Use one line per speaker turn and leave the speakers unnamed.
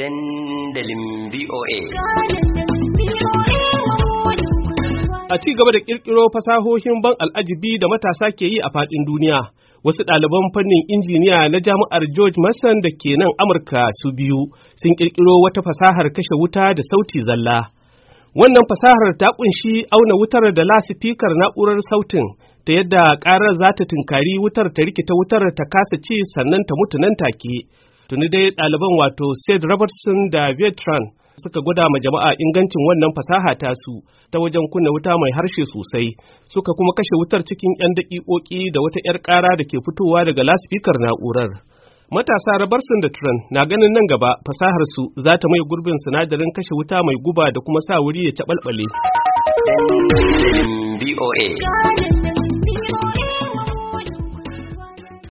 dandalin VOA.
A ci gaba da ƙirƙiro fasahohin ban al'ajibi da matasa ke yi a faɗin duniya, wasu ɗaliban fannin injiniya na jami'ar George Mason da ke nan Amurka su biyu sun ƙirƙiro wata fasahar kashe wuta da sauti zalla. Wannan fasahar ta ƙunshi auna wutar da lasifikar na'urar sautin ta yadda ƙarar za ta tunkari wutar ta rikita wutar ta kasa ci sannan ta mutu nan take. Tuni dai ɗaliban wato Said Robertson da Vetran suka gwada ma jama'a ingancin wannan fasaha tasu ta wajen kunna wuta mai harshe sosai suka kuma kashe wutar cikin 'yan daƙiƙoƙi da wata 'yar ƙara da ke fitowa daga lasfikar na'urar. Matasa Robertson da Tran na ganin nan gaba fasahar su za ta mai gurbin sinadarin kashe wuta mai guba da kuma sa wuri ya taɓalɓale. VOA